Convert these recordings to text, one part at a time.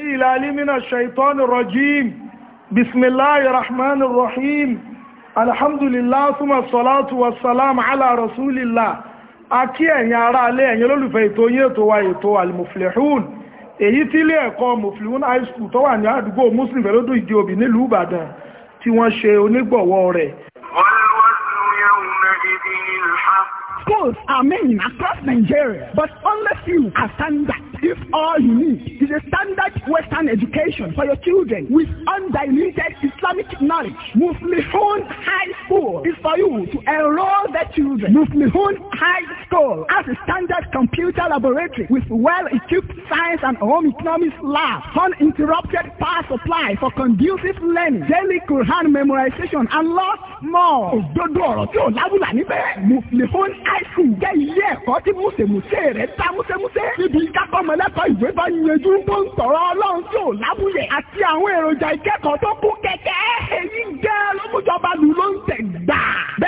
العليم من الشيطان الرجيم بسم الله الرحمن الرحيم الحمد لله ثم الصلاة والسلام على رسول الله akí ẹ̀yin ará alẹ́ ẹ̀yin olólùfẹ́ ètò yín ètò wa ètò almuflihun èyí tí ilé ẹ̀kọ́ muflihun high school tó wà ní àdúgbò muslim fẹ́lódún ìdí òbí nílùú ìbàdàn tí wọ́n ṣe onígbọ̀wọ́ rẹ̀. schools are many across nigeria but unless you are standard give all you need is a standard Western education for your children with undiluted Islamic knowledge. Muflihun High School is for you to enroll their children. Muflihun High School has a standard computer laboratory with well-equipped science and home economics lab, uninterrupted power supply for conducive learning, daily Quran memorization, and lots more. Òdodo ọ̀rọ̀ tí ò lábùlà níbẹ̀. Muflihun High School jẹ́ ilé ẹ̀kọ́ tí Mùsèmùsè rẹ̀ ta Mùsèmùsè. Níbi ìkákọ́mọlẹ́ akẹ́kọ̀ọ́ ìwé bá yanjú tó ń tọ̀rọ ọlọ́run tí ò lábúyẹ̀ àti àwọn èròjà ìkẹ́kọ̀ọ́ tó kún kẹ̀kẹ́ èyí jẹ́ lọ́mújọba lù ló ń tẹ̀ gbà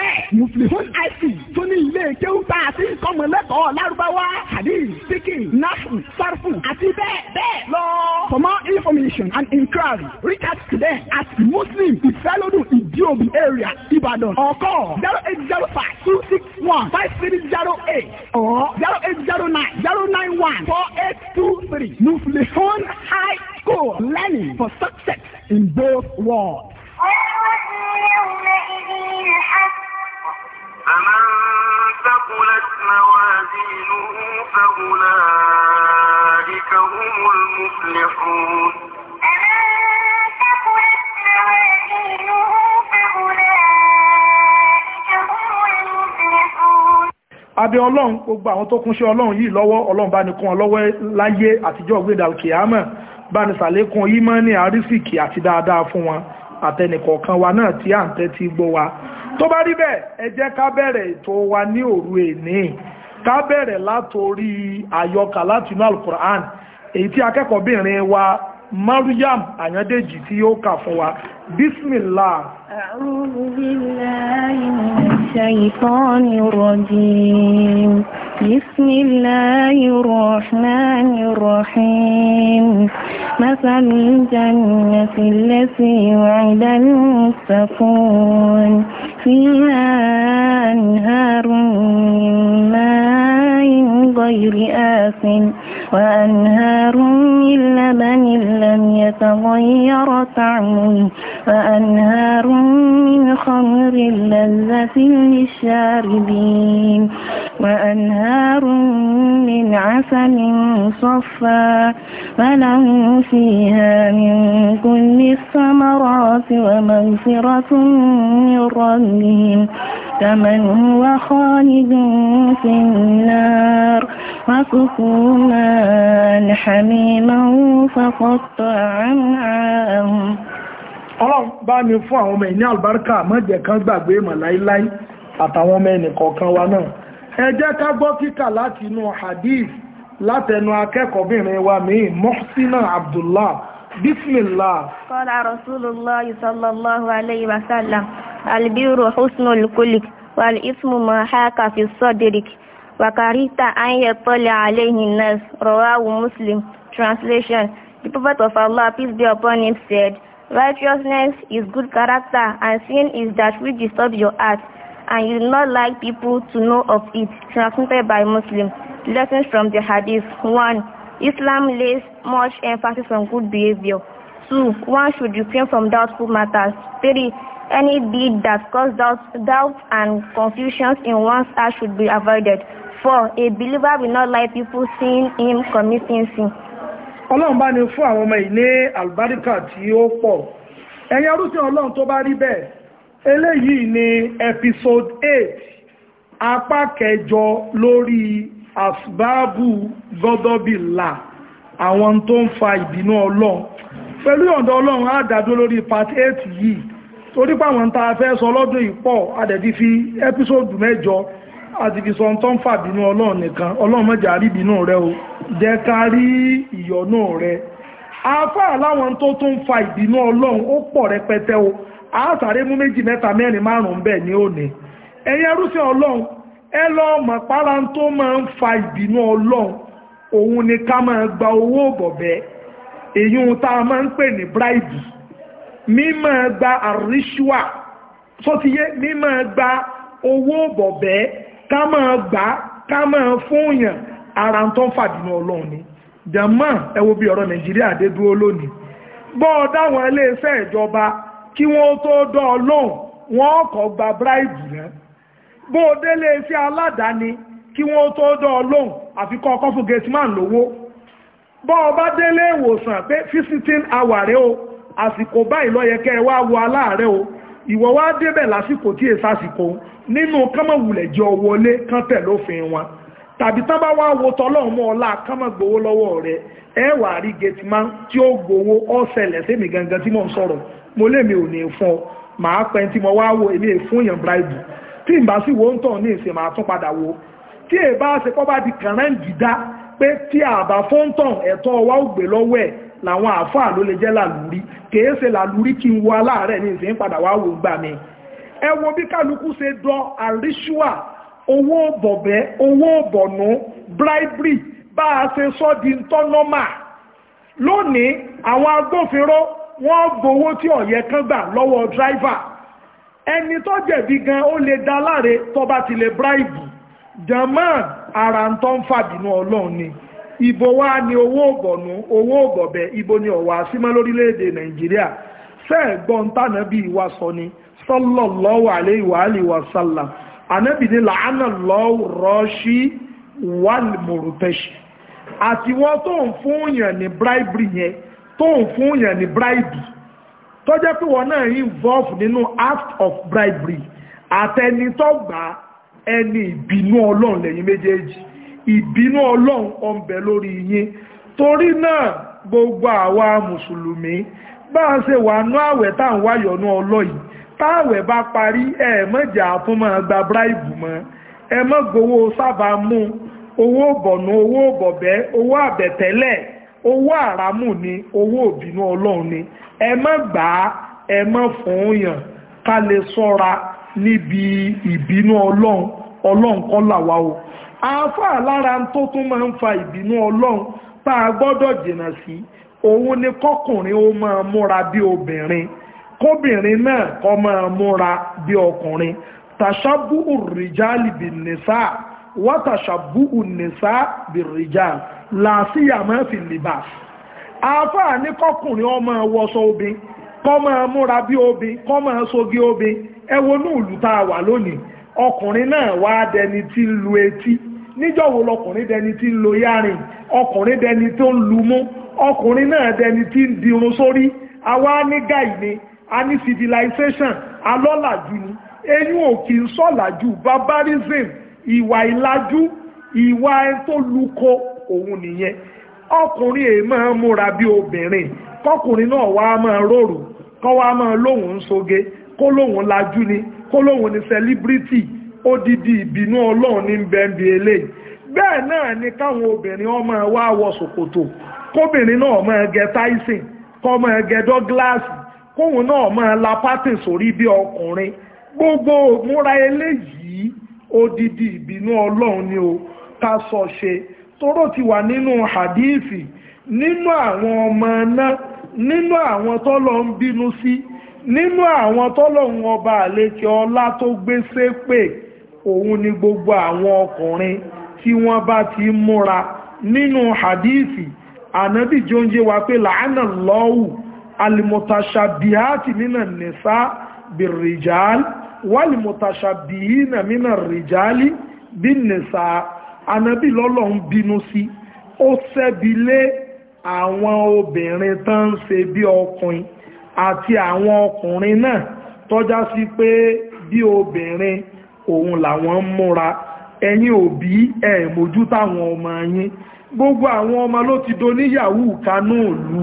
bẹ́ẹ̀. mufilihun àìsí tó ní ilé kéwù tá a ti kọ́mọ lẹ́kọ̀ọ́ lárúbáwá hadith sikin nafu sarfu àti bẹ́ẹ̀ bẹ́ẹ̀ lọ. for more information and inquiry reach out to them at muslim ifeolodun idiobi area ibadan or call zero eight zero five two six one five three zero eight or zero eight zero nine zero nine one four eight two three mufilihun high school learning for success in both worlds. ثقلت موازينه فأولئك هم المفلحون abẹ ọlọ́run gbogbo àwọn tó kúnṣẹ́ ọlọ́run yìí lọ́wọ́ ọlọ́run bá ní kún wọn lọ́wọ́ láyé àtijọ́ gbéda kìámọ̀ bá ní sàlékún yìí mọ́ ní àrísìkì àti dáadáa fún wọn àtẹnìkọ̀ọ̀kan wa náà tí à ń tẹ́tí gbọ́ wa tó bá rí bẹ́ẹ̀ ẹ jẹ́ ká bẹ̀rẹ̀ ètò wa ní òru èní ká bẹ̀rẹ̀ látorí àyọkà látinú alukur'an èyí tí akẹ́kọ̀ọ́bìnrin wa Maryam Àyándèjì tí yóò kà fún wa bismillah أعوذ بالله من الشيطان الرجيم بسم الله الرحمن الرحيم مثل الجنة التي وعد المتقون فيها أنهار من ماء غير آس وأنهار من لبن لم يتغير طعمه وأنهار من خمر لذة للشاربين وأنهار من عسل صفا فلهم فيها من كل الثمرات ومغفرة من ربهم كمن هو خالد في النار وكفوا ماء حميما فقطع أمعاءهم ọlọ́run bá ní fún àwọn ọmọ ẹ̀ ní àlùbáríkà má jẹ́ kán gbàgbé mọ̀ àtàwọn ọmọ ẹnì kọ̀ọ̀kan wa náà ẹ jẹ́ ká gbọ́ kíkà láti inú hadith látẹnu akẹ́kọ̀ọ́bìnrin wa míì Muhsina Abdullah bismillah. Qala Rasulullah ma haka fi wa karita an yattali alayhi Muslim translation the prophet of Allah peace be upon him said righteousness is good character and sin is that which disturbs your heart and you do not like people to know of it. Transmitted by Muslims. Lessons from the Hadith. 1. Islam lays much emphasis on good behavior. 2. One should refrain from doubtful matters. 3. Any deed that causes doubt, doubt and confusion in one's heart should be avoided. 4. A believer will not like people seeing him committing sin. Ọlọ́run bá ní fún àwọn ọmọ ìní àlùbáríkà tí ó pọ̀. Ẹ̀yin arúgbó Ọlọ́run tó bá rí bẹ́ẹ̀ eléyìí ni episode 8 apá kẹjọ lórí asbabu gọdọbìlà àwọn tó ń fa ìbínú ọlọ́run pẹ̀lú ọ̀dọ̀ ọlọ́run á lórí part 8 yìí torí pàwọn tá a fẹ́ sọ lọ́dún ìpọ̀ adẹ̀dí fi episode mẹ́jọ àti fi sọ tó ń fà bínú ọlọ́run nìkan ọlọ́run mẹ́jọ àrí bínú rẹ o jẹ́ ká rí ìyọ́nú rẹ afá láwọn tó tún fa ìbínú ọlọ́run ó pọ̀ rẹpẹtẹ o àátàrí mú méjì mẹ́ta mẹ́rin márùn-ún bẹ́ẹ̀ ni ní òní ẹ̀yin ẹrúsìn ọlọ́run ẹ lọ mọ̀ para tó máa ń fa ìbínú ọlọ́run òun ni ká máa gba owó bọ̀bẹ́ èyí ohun tá a máa ń pè ní bribe mí máa gba àríṣùà sótìyé mí máa gba owó bọ̀bẹ́ ká máa gbà ká máa fúnyàn ara tó ń ìbínú ọlọ́run ni jàmáà ẹ wo bí ọ̀rọ̀ nàìjíríà dé dúró lónìí bọ́ọ̀ dáwọn iléeṣẹ́ ìjọba kí wọ́n tó dán ọ lóhùn wọ́n kọ̀ gba bíráìbù rẹ̀ bó o délé iṣẹ́ aládàáni kí wọ́n tó dán ọ lóhùn àfi kọ́ ọkọ́ fún gateman lówó bọ́ ọ bá délé ìwòsàn pé visiting hour rẹ o àsìkò báyìí lọ́yẹ kẹ́ ẹ wá wo aláàárẹ̀ o ìwọ wá débẹ̀ lásìkò tí èsàsìkò nínú kánmọ̀wùlẹ̀ jọ wọlé kán tẹ̀ lófin wọn tàbí tán bá wá wo tọ́lọ́run mọ́ ọlá kánmọ̀ gbowó lọ́wọ́ rẹ̀ ẹ wà rí gateman tí ó gbowó ọ̀sẹ̀lẹ̀ sẹ́mi gangan tí mò ń sọ̀rọ̀ mo lémi ò ní fún ọ màá pẹ́ tí mo wá wo èmi èfún èèyàn bribe tí n bá sì wo ń tàn ní ìsìn màá tún padà wo tí ẹ bá ṣe kọ́ bá di kàrán gìdá pé tí àbá fóńtàn ẹ̀tọ́ wa ò gbé lọ́wọ́ ẹ̀ làwọn àáfàá ló lè jẹ́ làlúrí kìí làlúrí kí n wo aláàárẹ̀ ní ìsìn padà wá wo gbà mi ẹ wo bí kálukú ṣe dọ àríṣùà owó bọ̀bẹ́ owó bọ̀nú bribery bá a ṣe sọ́ di tọ́nọ́mà lónìí àwọn agbófinró wọ́n gbowó tí ọ̀yẹ́ kan gbà lọ́wọ́ dráìvà ẹni tó jẹ̀bi gan ó lè dá láre tó bá ti lè bribe german ara ń tọ́ ń fàbínú ọlọ́run ni ibo wa ni owó ògbọ̀nú owó ògbọ̀bẹ̀ ibo ni ọ̀wà símọ́ lórílẹ̀‐èdè nàìjíríà fẹ́ẹ̀ gbọ́n tánà bí ìwà sọ ni sallallahu alaihi wa alihi wa sallam ànábì ní làánà lọ́wọ́ rọ́ṣí wàlmùrùtẹ́ṣì àti wọ́n tó ń fún yàn ní bribery yẹn tó ń fún yàn ní bribe tó jẹ́ pé wọ́n náà involve nínú act of bribery àtẹni tó gbà ẹni ìbínú ọlọ́run lẹ́yìn méjèèjì ìbínú ọlọ́run ọ̀nbẹ lórí yín torí náà gbogbo àwa mùsùlùmí bá a ṣe wà nú àwẹ̀ tá à ń wáyọ̀ nú ọlọ́yìn táwẹ̀ bá parí pari mọ́jà fún máa gba bribe mọ́ ẹ mọ́ gbowó sábà mú owó bọ̀nù owó bọ̀bẹ́ owó àbẹ̀tẹ́lẹ̀ owó àràmù ni owó òbínú ọlọ́run ni ẹ mọ́ gbà á ẹ mọ́ fún yàn ká lè sọ́ra níbi ìbínú ọlọ́run ọlọ́run kọ́ làwa o àáfàá lára tó tún máa ń fa ìbínú ọlọ́run tá a gbọ́dọ̀ jìnnà sí òun ni ó máa múra bí obìnrin kóbìnrin náà kọ́ máa múra bí ọkùnrin tàṣàbù rìjálì bí nìsá wá tàṣàbù nìsá bí rìjálì làásìyà máa fi àáfàá ní kọkùnrin ọmọ wọṣọ obìn kọ́ máa múra bí obìn kọ́ máa sogi obìn ẹwọ ní tá a wà lónìí ọkùnrin náà wá dẹni tí ń lu etí lọkùnrin dẹni tí ń lo ọkùnrin ni. a ní civilization alọ́làjú ni eyín òkè ń sọ̀làjú barbarism ìwà ìlàjú ìwà ẹni tó luko òun nìyẹn ọkùnrin èyí máa ń múra bí obìnrin kọkùnrin náà wá máa rorò kọ́ wá máa lóhùn ń soge kó lóhùn lajú ni kó lóhùn ni celebrity odidi ìbínú ọlọ́run ní bẹ́ẹ̀bí eléyìí bẹ́ẹ̀ náà ni káwọn obìnrin ọmọ wa wọ ṣòkòtò kóbìnrin náà máa gẹ Tyson kọ́ máa gẹ dọ́gíláàsì kóhun náà máa la pátì sórí bí ọkùnrin gbogbo múra eléyìí odidi ìbínú ọlọ́run ni o ká sọ ṣe tóró ti wà nínú hadithi nínú àwọn ọmọ náà nínú àwọn tọ́lọ̀ ń bínú sí nínú àwọn tọ́lọ̀ ń ọba àlekè ọlá tó gbé ṣépè òun ni gbogbo àwọn ọkùnrin tí wọ́n bá ti múra nínú hadithi ànábìjọ́ ń yé wa pé làánà lọ́wù almutashabihati minan nisa birijal, walmutashabihina minan rijali bin nisa anabi lọ́lọ́run bínú sí ó ṣẹ́bi lé àwọn obìnrin tó ń ṣe bí ọkùnrin àti àwọn ọkùnrin náà tọ́já sí pé bí obìnrin òun làwọn ń múra ẹ̀yin òbí ẹ̀ mójú táwọn ọmọ yín gbogbo àwọn ọmọ ló ti do níyàwó kanú òlù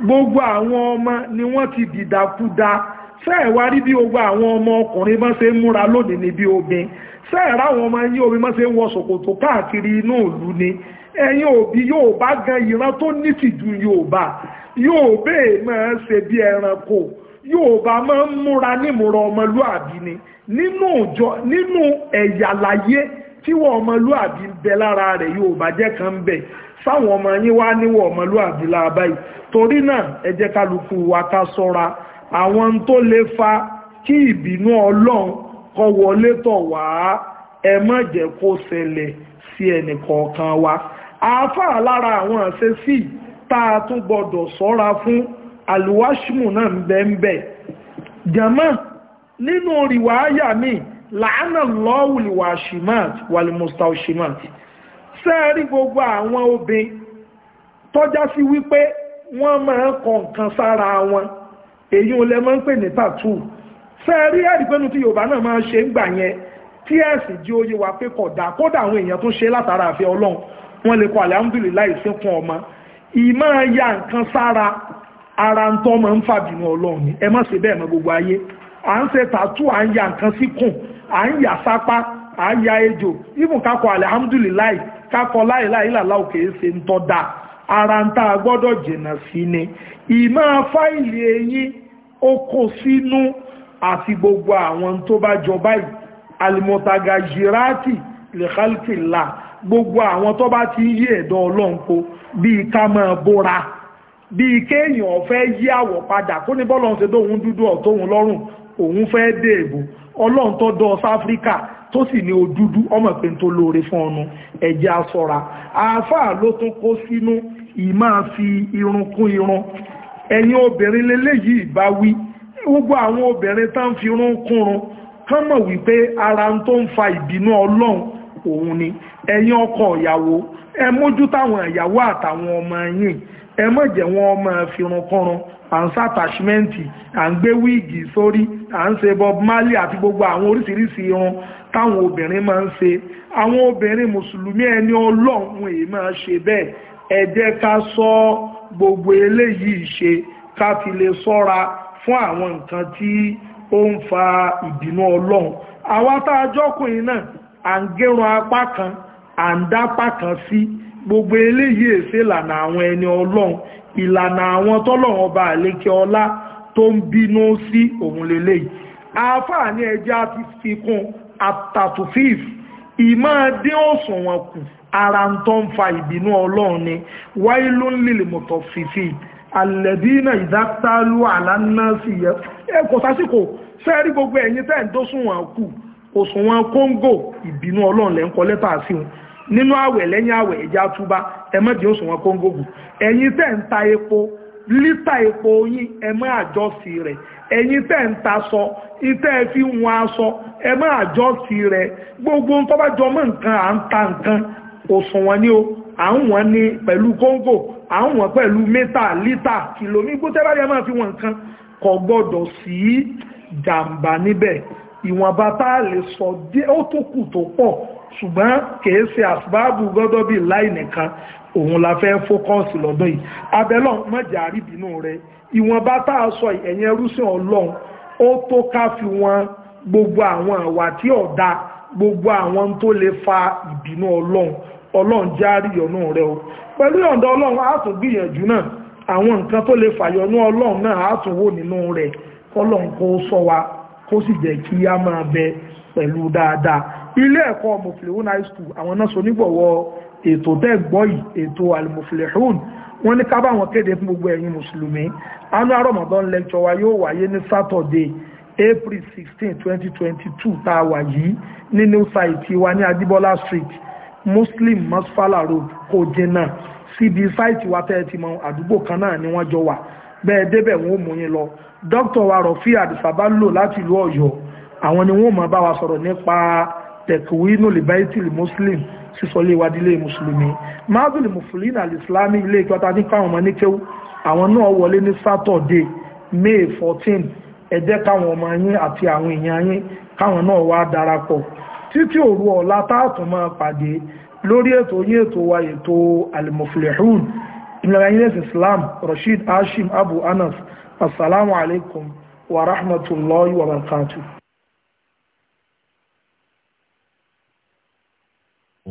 gbogbo àwọn ọmọ ni wọ́n ti dìdàkudà fẹ́ẹ̀wá rí bí gbogbo àwọn ọmọ ọkùnrin bá ṣe ń múra lónìí ní bí obìn fẹ́ẹ̀rá àwọn ọmọ yí omi máa ṣe wọ ṣòkòtò káàkiri inú ìlú ni ẹ̀yin òbí yóò bá gan ìran tó nítìjú yóò bá yóò bẹ́ẹ̀ máa ṣe bí ẹranko Yorùbá máa ń múra nímúra ọmọlúàbí ni nínú ẹ̀yà láyé tí wọ́n ọmọlúàbí ń bẹ lára rẹ̀ yóò bàjẹ́ kan ń bẹ sáwọn ọmọ yín wá níwọ̀ ọmọlúàbí láàbáyìí torí náà ẹ jẹ́ kálukú wa ká sọ́ra àwọn tó lè fa kí ìbínú ọlọ́run kó wọlé tọ̀ wá ẹ má jẹ́ kó ṣẹlẹ̀ sí ẹnì kọ̀ọ̀kan wa àáfàá lára àwọn àṣẹ́sí tá a tún gbọ́dọ̀ sọ́ra fún àlùwáṣímù náà ń bẹ́ẹ̀ bẹ́ẹ̀ jàmá nínú rìwáyà míì làánà lọ́wùlì wàṣímàt wàlìmùsà òṣìmàt sẹ́ẹ̀rí gbogbo àwọn obìnrin tọ́já sí wípé wọ́n máa ń kọ nǹkan sára wọn èyí ò lẹ máa ń pè ní tàtù sẹ́ẹ̀rí ẹ̀rí pẹ́nu tí yorùbá náà máa ń ṣe ń gbà yẹn tí ẹ̀sìn jí oyé wa pé kódà kódà àwọn èèyàn tó ṣe látara àfẹ́ ọlọ́run wọ́n lè kọ alhamdulilayi sínkún ọmọ ìmọ̀ ya nǹkan sára ara ń tọ́ máa ń fàbínú ọlọ́run ẹ má ṣe bẹ́ẹ̀ mọ́ gbogbo à ń ṣe tàtù à ń ya nǹkan à ń yà sápá à ń ya ejò ibùn kakọ alihamudulilayi kakọ láìláì làlá òkè ṣe ń tọ́ da ara ń tá a gbọ́dọ̀ jìnnà sí ni ìmọ̀ fáìlì eyín ó sínú àti gbogbo àwọn tó bá jọ báyìí alimotaga jirati lèkálkìlá gbogbo àwọn tó bá ti yí ẹ̀dọ̀ ọlọ́run po bíi ká máa bóra bíi kéèyàn ọ̀fẹ́ yí àwọ̀ padà kó ní bọ́ọ̀lù ọ̀hún ṣe dóhun dúdú ọ̀tóhun lọ́rùn òun fẹ́ dèèbò ọlọ́run tó dọ́ ọsá áfíríkà tó sì ní odúdú ọmọ pé n tó lóore fún ọnu ẹ̀jẹ̀ asọ̀ra àáfàá ló tún kó sínú ìmá fi irun kún irun ẹ̀yin obìnrin lélẹ́yìí bá wí gbogbo àwọn obìnrin tá ń fi irun kúnrun kán mọ̀ wípé ara tó ń fa ìbínú ọlọ́run òun ni ẹ̀yin ọkọ ìyàwó ẹ mójú táwọn ìyàwó àtàwọn ọmọ yín ẹ má jẹ́ wọn máa fi runkunrun à ń sàtàṣímẹ́ǹtì à ń gbé wíìgì sórí à ń ṣe bob marley àti gbogbo àwọn oríṣiríṣi irun táwọn obìnrin máa ń ṣe àwọn obìnrin mùsùlùmí ẹni ọlọ́run èyí máa ṣe bẹ́ẹ̀ ẹ jẹ́ ká sọ gbogbo eléyìí ṣe ká fi lè sọ́ra fún àwọn nǹkan tí ó ń fa ìbínú ọlọ́run àwa tá a jọ́kùnrin náà à ń gérun apá kan à ń dápá kan sí. Si gbogbo eléyìí èsè ìlànà àwọn ẹni ọlọ́run ìlànà àwọn tọ́lọ́run ọba àlékè ọlá tó ń bínú sí òun lélẹ́yìí àáfàá ní ẹjẹ́ àti fikún àtàtúfíìf ìmọ̀ dín òṣùwọ̀n kù ara ń tó ń fa ìbínú ọlọ́run ni wáyé ló ń lè mọ̀tọ̀ fìfì àlẹ́dínà ìdáktálú àlànà sí ẹ kò sásìkò sẹ́ẹ̀rí gbogbo ẹ̀yin tẹ́ ń dóṣùwọ̀n kù òṣùwọ̀n kóńgò ìbínú ọlọ́run lẹ́ ń kọ lẹ́tà sí wọn nínú àwẹ̀ lẹ́yìn àwẹ̀ ẹja túbá ẹmọ́dì ó sùnwọ́n kóngógùn ẹ̀yin tẹ́ ń ta epo lítà epo yín ẹmọ́ àjọsí rẹ̀ ẹ̀yin tẹ́ ń ta sọ ìtẹ́ fi ń wọn aṣọ ẹmọ́ àjọsí rẹ̀ gbogbo ń tọ́bá jọ mọ́ nǹkan à ń ta nǹkan òsùnwọ̀n ni o à ń wọ̀n ni pẹ̀lú kóngò à ń wọ̀n pẹ̀lú mítà lítà kìlómí gbótẹ́bàrí ẹ máa fi wọn nǹkan kò gbọ́dọ̀ sí jàǹbá níbẹ̀ ìwọ̀nba tá a lè sọ ó tó kù tó pọ̀ ṣùgbọ́n kìí ṣe àsìbáàbù gọ́dọ̀ bíi láì nìkan òun la fẹ́ fókọ́ọ̀sì lọ́dọ̀ yìí abẹ́lọ́ mọ̀jà àríbínú rẹ ìwọ̀nba tá a sọ ẹ̀yẹn rúṣin ọlọ́run ó tó ká fi wọn gbogbo àwọn àwà tí ọ̀dà gbogbo àwọn tó lè fa ìbínú ọlọ́run ọlọ́run jẹ́ àríyànú rẹ o pẹ̀lú ọ̀dọ̀ ọlọ́run á tún gbìyànjú náà àwọn nǹkan tó lè fàyọnú ọlọ́run náà á tún wò nínú rẹ̀ kọ́lọ́run kó sọ wa kó sì jẹ́ kí á máa bẹ pẹ̀lú dáadáa ilé ẹ̀kọ́ muflihun high school àwọn náà sonígbọ̀wọ́ ètò tẹ́gbọ́ yìí ètò almuflihun wọ́n ní kábà wọn kéde fún gbogbo ẹ̀yin mùsùlùmí anú arọ́mọ̀dán lecture wa yóò wáyé ní saturday april 16 2022 tá a wà yìí ní new site wa ní adibola street muslim masfala road kò jìnnà síbi site wa tẹ́ ẹ ti mọ àdúgbò kan náà ni wọ́n jọ wà bẹ́ẹ̀ débẹ̀ wọn ò mú yín lọ dr wa rọ̀fí àdìsábà lò láti ìlú ọ̀yọ́ àwọn ni wọ́n máa bá wa sọ̀rọ̀ nípa tẹ̀kùwínú libaitil muslim sísọ ilé wa dílé mùsùlùmí mazul mufulin al-islami ilé ìkọta ní káwọn ọmọ ní kéwú àwọn náà wọlé ní saturday may 14 ẹ jẹ́ káwọn ọmọ yín àti àwọn èèyàn yín káwọn náà wá darapọ̀ títí òru ọ̀la táàtùn máa pàdé lórí ètò yín ètò wa ètò al-muflihun ìlànà ilẹ̀ islam rashid hashim abu anas assalamu alaikum wa rahmatullahi wa barakatuh